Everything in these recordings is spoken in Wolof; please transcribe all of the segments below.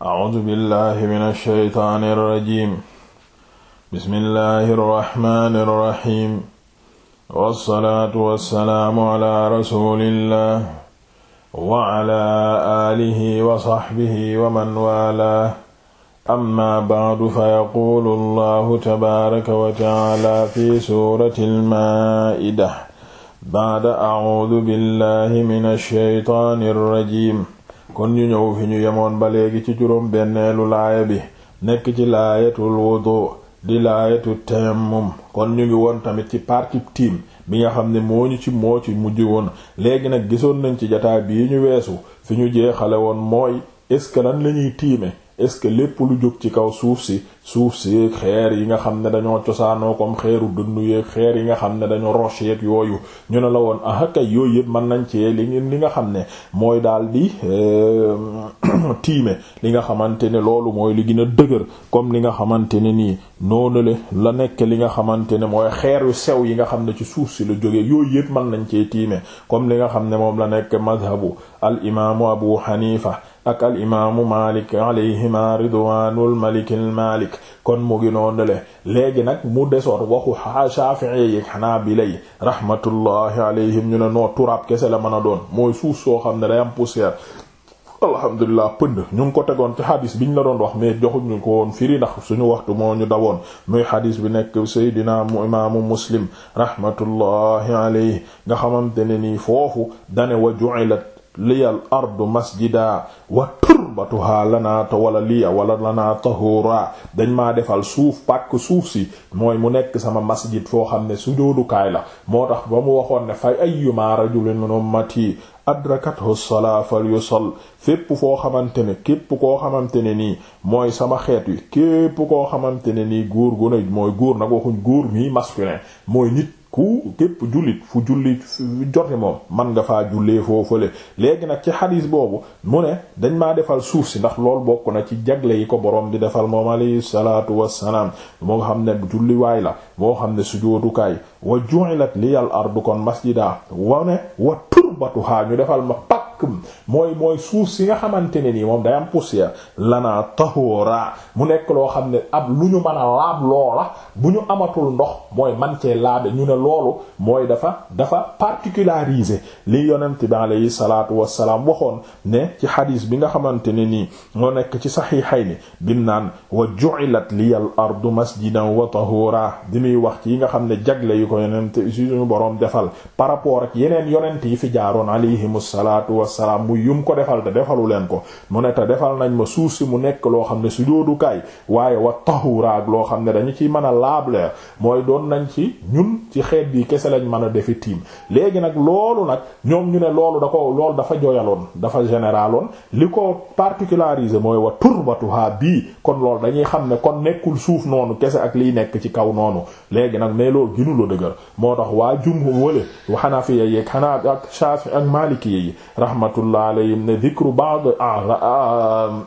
acuudu billahi min alsheytaan alrajim bismillahi arraxmani irraxim wassalaatu wassalaamu ala rasulillah wa ala aalihi wa saxbihi wa man waalaah amma bacdu fa yaquulu allahu tabaaraka wa tacaala fi suurati almaa'ida bacda acuudu billahi min alsheytaan alrajim kon ñu ñëw fi ñu yemoon ba léegi ci juróom benneelu laaya bi nekk ci laayatul wudu di laayatu tayammum kon ñu ngi woon tamit ci parti tiim bi nga xam ne moo ñu ci moo ci mujj woon léegi nag gisoon nañ ci jataay bii ñu weesu fi ñu jeexale woon mooy est-ce que lan lañuy tiime est-ce que lépp lu jóg ci kaw suuf si suuf seeg xeer yi nga xam ne dañoo cosaanoo comme xeeru dund yeeg xeer yi nga xam ne dañoo roche yooyu ñu ne la woon a ah kay yooyu yëpp man nañ cee li li nga xam ne mooy daal di euh, tiime li nga xamante ne loolu mooy li gën a dëgër comme li nga xamante ne nii noonule la nekk li nga xamante ne mooy xeer sew yi nga xam ne ci suuf si la jógee yooyu yëpp mën nañ cee tiime comme li nga xam ne moom la nekk mazhabu al imaamu abu hanifa ak al imaamu malik alayhima ridwanul malikil kon mu ngi noonu le léegi nag mu desoon waxu Shafi'i yi Hanabila yi rahmatullahi alayhim ñu ne noo turaab kese la mën a doon mooy suuf soo xam ne day am poussière alhamdulilah pënd ñu ngi ko tegoon ci xadis biñ la doon wax mais joxuñu ko woon firi ndax suñu waxtu moo ñu dawoon muy xadis bi nekk Seydina mu imaamu muslim rahmatullahi alayhi nga xamante ne nii foofu dane wa ju'ilat liyal ardu masjida wa turbatuha lana wala liya wala lana tahura dañ maa defal suuf pàkk suuf si mooy mu nekk sama masjid foo xam ne su sujoodukaay la moo tax ba mu waxoon ne fay ayyuma rajulin min ummati adrakathu salaa falyusal fépp foo xamante ne képp koo xamante ne nii mooy sama xeet wi képp koo xamante ne nii góor gu ne mooy góor nag waxuñ góor mii masculin mooy nit ku képp jullit fu jullit jote moom man nga faa jullee foofale léegi nag ci xadis boobu mu ne dañ maa defal suuf si ndax lool bokk na ci jagle yi ko boroom di defal moom alayhi salaatu wassalaam moo nga xam ne julliwaay la moo xam ne sujootukaay wa ju'ilat liyal ardu kon masjida wa ne wa turbatuha ñu defal ma pak bakkum mooy mooy suuf si nga xamante ne nii moom day am poussière lanaa tahura mu nekk loo xam ne ab lu ñu mën a laab loola bu ñu amatul ndox mooy man cee laabe ñu ne loolu mooy dafa dafa particularisé li yonent bi alayhi salaatu wassalaam waxoon ne ci xadiis bi nga xamante ne nii moo nekk ci saxiixayni bim naan wa ju'ilat liyal ardu masjidan wa tahura di muy wax ci yi nga xam ne jagle yu ko yonent suñu boroom defal par rapport ak yeneen yonent yi fi jaaroon wassalaam mu yum ko defal te defalu leen ko mu ne te defal nañ ma suuf si mu nekk loo xam ne sujoodukaay waaye wa tahuraak loo xam ne dañu ciy mën a laableer mooy doon nañ ci ñun ci xeet bi kese lañ mën a defi tiim léegi nag loolu nag ñoom ñu ne loolu da ko loolu dafa joyaloon dafa généraloon li ko particularisé mooy wa turbatuha bii kon loolu dañuy xam ne kon nekkul suuf noonu kese ak liy nekk ci kaw noonu léegi nag mais loolu ginu la dëgër moo tax waa jumhur wale xanafiya xanaa ak shafi ak maliki yi rahmatullah alayhim ne dhikru ba'd ah, ah,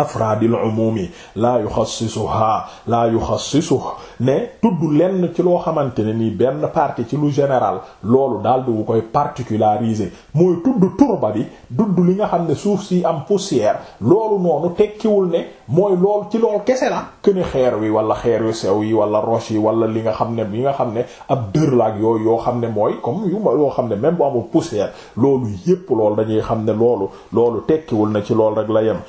afraadil umumi laa yuxassisuha laa yuxassisu ne tudd lenn ci loo xamante ne nii benn parti ci lu général loolu daal di koy particulariser mooy tudd turba bi tudd li nga xam ne suuf si am poussière loolu noonu tekkiwul ne mooy lool ci lool kese la këne xeer wi wala xeer yu sew yi wala roche yi wala li nga xam ne li nga xam ne ab dër la ak yooyu yoo xam ne mooy comme yu ma yoo xam ne même bu amul poussière loolu yépp loolu dañuy xam ne loolu loolu tekkiwul na ci lool rek la yem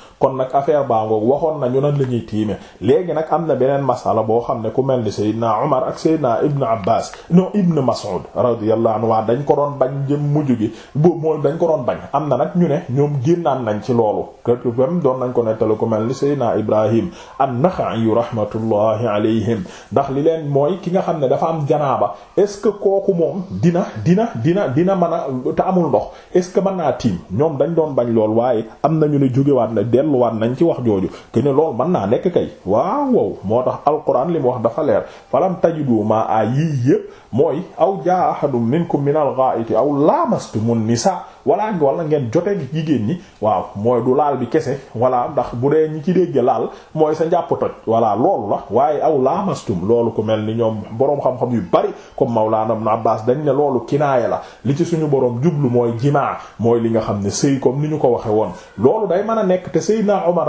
affaire baa ngoog waxoon nañu nan la ñuy tiime léegi nag am na beneen masala boo xam ne ku mel ni Seydina Omar ak Seydina Ibn Abbas non Ibn Mas'ud radiyallahu anhu waa dañ ko doon bañ jëm mujj gi bu mooy dañ ko doon bañ am na nag ñu ne ñoom génnaan nañ ci loolu kër même doon nañ ko nettali ku mel ni Seydina Ibrahim an-Naxa'i rahmatullahi alayhim ndax li leen mooy ki nga xam ne dafa am janaaba est-ce que kooku moom dina dina dina dina mën a te amul ndox est-ce que mën naa tiim ñoom dañ doon lool waaye am nañu ne jógewaat na delluwaat nañ ci wax jooju que ne loolu mën naa nekk kay waaw wow moo tax alquran li mu wax dafa leer falam tajidu ma a yii yëpp mooy aw jaa ahadun minkum min alghaa'iti aw laamastumun nisaa wala wala ngeen jote jigéen ñi waaw mooy du laal bi kese wala ndax bu dee ñi ci dégg laal mooy sa njàpp toj wala loolu la waaye aw laamastum loolu ku mel ni ñoom boroom xam-xam yu bari comme Mawlana Ibn Abbas dañ ne loolu kinaaya la li ci suñu boroom jublu mooy jimaa mooy li nga xam ne sëy comme ñu ko waxe woon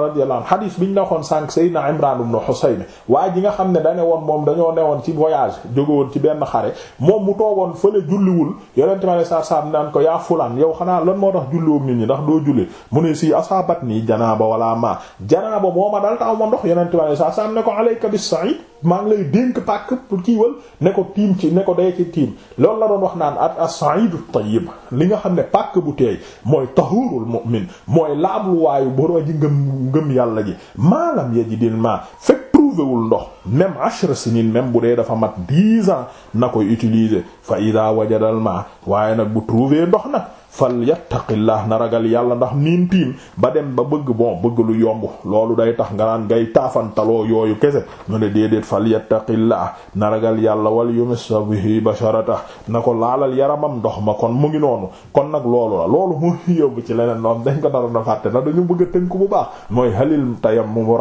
radiyallahu anhu xadiis bi ñu la waxoon sànq Seydina Imraan ibn Husayn waa ji nga xam ne dane woon moom dañoo newoon ci voyage jóge woon ci benn xare moom mu toogoon fële julliwul yonente mi aleye sat salaam naan ko yaa fulaan yow xanaa lan moo tax julliwoom nit ñi ndax doo julli mu ne si asaabat nii janaaba wala ma janaaba moo a dal taw ndox yonente mi aleye sat ne ko alayka bis sa'id maa ngi lay dénk pàkk pour kiiwal ne ko tiim ci ne ko day ci tiim loolu la doon wax naan ak as-sa'idu tayyib li nga xam ne pàkk bu teey mooy tahurul mu'min mooy laabluwaayu boroo ji ngëm ngëm yàlla ji maalam yajidil ma fekk trouvéwul ndox même ashra sinin même bu dee dafa mat dix ans na koy utiliser fa ida wajadal ma waaye nag bu trouvé ndox nag fal yattaqillah na ragal yàlla ndax miin tiim ba dem ba bëgg bon bëgg lu yomb loolu day tax nga naan ngay taafantaloo yooyu kese ñu ne déedéet fal yattaqillah na ragal yàlla wal yumissabihi basharata na ko laalal yaramam ndox ma kon mu ngi noonu kon nag loolu la loolu mu yóbbu ci leneen noonu dañ ko dara na fàtte na dañu bëgg a tënk bu baax mooy halil tayammum mu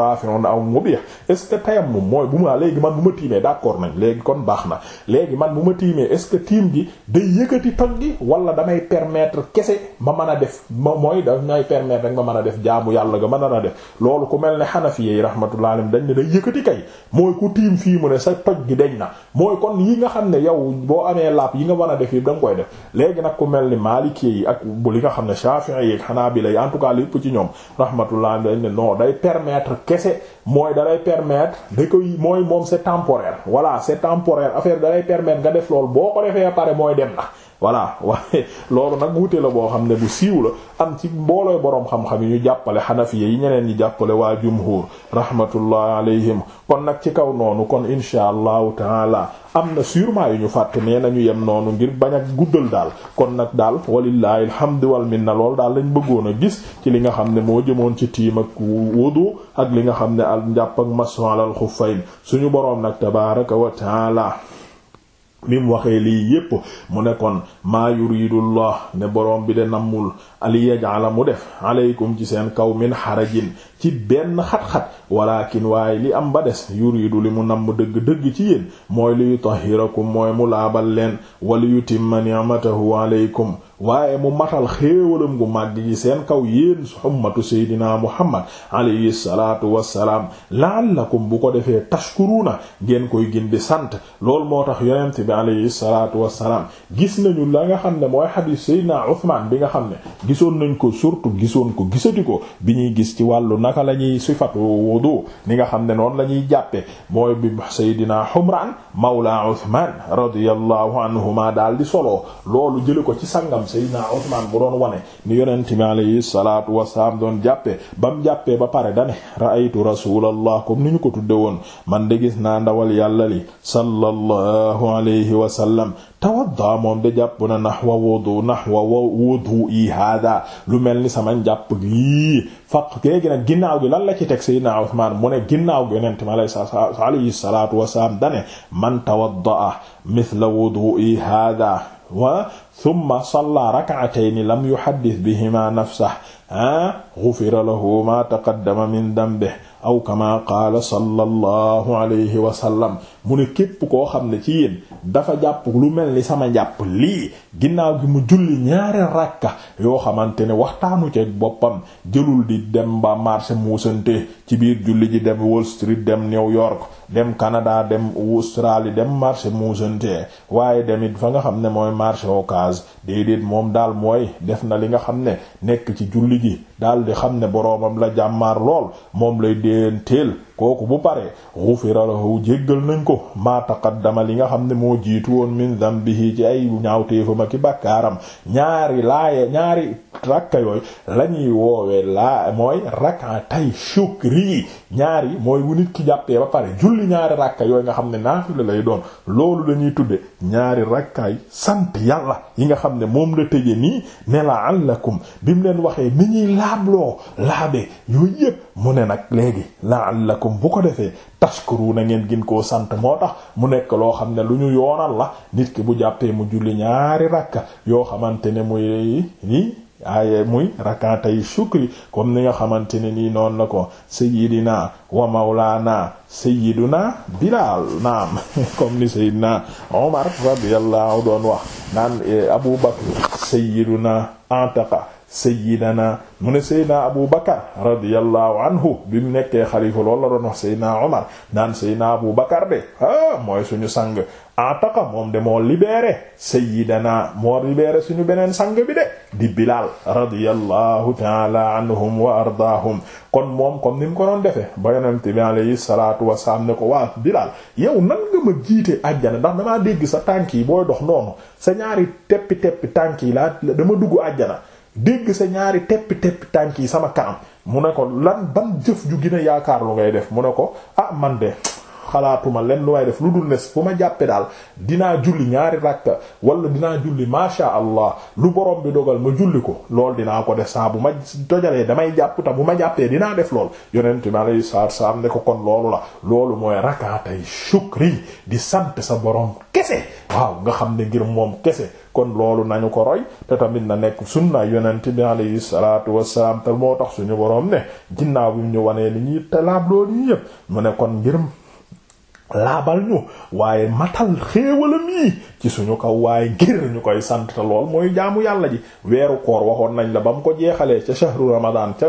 aw mubih est-ce que tayammum mooy bu ma léegi bu ma tiimee d'accord nañ léegi kon man bu ma tiimee est-ce que tiim gi day yëkkati ko kese ma mën a def ma mooy daf ñay permettre rek ma mën a def jaamu yàlla ga ma a def loolu ku mel ne xanafi yi rahmatullah dañ ne yëkkati kay mooy ku tiim fii mu ne sa toj gi deñ na mooy kon yi nga xam ne yow boo amee lapp yi nga man a def yi da nga koy def léegi nag ku mel ni maliki yi ak bu li nga xam ne shafi'i yi hanabila yi en tout cas lépp ci ñoom rahmatullah alayhim dañ ne non day permettre kese mooy da lay permettre da koy mooy moom se temporaire voilà c'est temporaire affaire da lay permettre nga def loolu boo ko defee pare mooy dem wuute la boo xam ne bu siiw la am ci mbooloo boroom xam-xam yi ñu jàppale xanafiya yi ñeneen ñi jàppale waa jumhur rahmatullah alayhim kon nag ci kaw noonu kon insha allahu taala am na sûrement yu ñu fàtte nee nañu yem noonu ngir bañ ak guddal daal kon nag daal walillahi alhamdu wal minna lool daal lañ bëggoon a gis ci li nga xam ne moo jëmoon ci tiim ak wudu ak li nga xam ne al njàpp ak masu alal xuffayn suñu boroom nag tabaraka wa bi mu waxee lii yépp mu ne kon maa yuridullah ne borom bi de nammul ali yaj'ala mu def aleykum ci seen kaw min xarajin ci benn xat-xat walakin waaye li am ba des yuridu li mu namm dëgg-dëgg ci yéen mooy li yutahhirakum mooy mu laabal leen wa li yutimma ni'matahu aleykum waaye mu matal xéewalam gu màgg gi seen kaw yéen xummatu seydina muhammad alayhi salaatu wassalaam la'allakum bu ko defee tashkuruna ngeen koy gindi sant loolu moo tax yonent bi alayhi salaatu wassalaam gis nañu la nga xam ne mooy xadiis seydina uthman bi nga xam ne gisoon nañ ko surtout gisoon ko gisati ko bi ñuy gis ci wàllu naka la ñuy sifatu wudu ni nga xam ne noon la ñuy jàppe mooy bi Seydina Humran mawla Uthman radiyallahu anhuma daal di soloo loolu jële ko ci sangam Seydina Uthman bu doon wane ni yonent bi alayhi salatu wasalaam doon jàppee bam jàppee ba pare dane ra'aytu rasulallah comme ni ñu ko tudde woon man de gis naa ndawal yàlla li sallallahu alayhi wa sallam moom de jàpp na nahwa hada lu mel ni sama njàpp gi faq léegi nag ginnaaw gi lan la ci teg Seydina Usmaan mu ne ginnaaw gi yonent mi alayhi salaatu wasalaam dane man tawaddaa mithla wudu'i hada wa thumma salla rak'atayni lam yuhaddith bihima nafsahu ghufira lahu ma taqaddama min dambihi aw kama qaala sallallahu alayhi wa sallam mu ne képp koo xam ne ci yéen dafa jàpp lu mel ni sama njàpp lii ginnaaw bi mu julli ñaari rakka yoo xamante ne waxtaanu ceeg boppam jëlul di dem ba marché muusante ci biir julli ji dem Wall Street dem New York dem Canada dem Australie dem marché muusante waaye demit fa nga xam ne mooy marché Ocass déedéet moom daal mooy def na li nga xam ne nekk ci julli ji daal di xam ne boroomam la jàmmaar lool moom lay teel kooku bu pare ghufira lahu jéggal nañ ko maa dama li nga xam ne moo jiitu woon min dhanbihi ci ay ñaawteefam ak i bàkkaaram ñaari laaye ñaari rakka yooyu la ñuy woowee laa mooy rakatay tey yi ñaar yi mooy bu nit ki jàppee ba pare julli ñaari rakka yooyu nga xam ne naa naafila lay doon loolu lañuy tudde ñaari rakk sant yàlla yi nga xam ne moom la tëje nii ne la àllakum bi mu leen waxee ni ñuy laabloo laabee yooyu yëpp mu ne nag léegi la àllakum bu ko defee taskuru na ngeen gin koo sant moo tax mu nekk loo xam ne lu ñu yoonal la nit ki bu jàppee mu julli ñaari rakka yoo xamante ne muy nii aaye muy rakatay shukri comme ni nga xamante ne nii noonu la ko sayidina wa mawlana sayiduna bilal naam comme ni sayidina omar radiyallahu doon wax naan eh, abu bakr sayiduna antaka sayyidana mu ne sayyidina abu bakar radiyallahu anhu bi mu nekkee xalifa loolu la doon wax sayyidina omar naan abu bakar de ah mooy suñu sang ataqa moom de moo libéré sayyidana moo libéré suñu beneen sang bi de di bilal radiyallahu taala anhum wa ardaahum kon moom comme ni mu ko doon defee ba yonent bi alayhi salaatu wasalaam ne ko waa bilal yow nan nga ma jiite àjjana ndax damaa dégg sa tànk yi booy dox noonu sa ñaari teppi teppi tànk yi laa dama dugg àjjana dégg sa ñaari teppi tepp tànk yi sama kanam mu ne ko lan ban jëf ju gën yaakaar lu ngay def mu ne ko ah man de xalaatuma len lu may def lu dul ne fu ma jàppee daal dinaa julli ñaari rakka wala dinaa julli masha allah lu borom bi dogal ma julli ko lool dinaa ko def saa bu ma dojalee damay jàpp bu ma jàppee dinaa def lool yonent mi alayhi salaatu salaam ne ko kon loolu la loolu mooy rakkaatay shukri di sant sa borom kese waaw nga xam ne ngir moom kese kon loolu nañu ko roy te tamit na nekk sunna yonent bi alayhi salaatu wassalaam te moo tax suñu boroom ne ginnaaw bi ñu wanee li ñu te laab loolu yépp mu ne kon ngir laabal ñu waaye matal xéewalam yi ci suñu kaw waaye ngir ñu koy sant te lool mooy jaamu yàlla ji weeru koor waxoon nañ la ba ko jeexalee ca shahru ramadan ca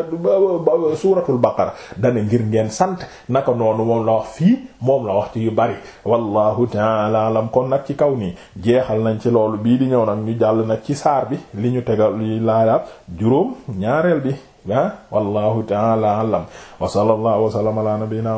suuratul baqara dana ngir ngeen sant naka noonu moom la wax fii moom la wax ci yu bari wallahu taala alam kon nag ci kaw nii jeexal nañ ci loolu bii di ñëw nag ñu jàll nag ci saar bi li ñu tegal li laala juróom ñaareel bi ah wallahu taala alam wa sallallahu wa sallama ala nabiyyina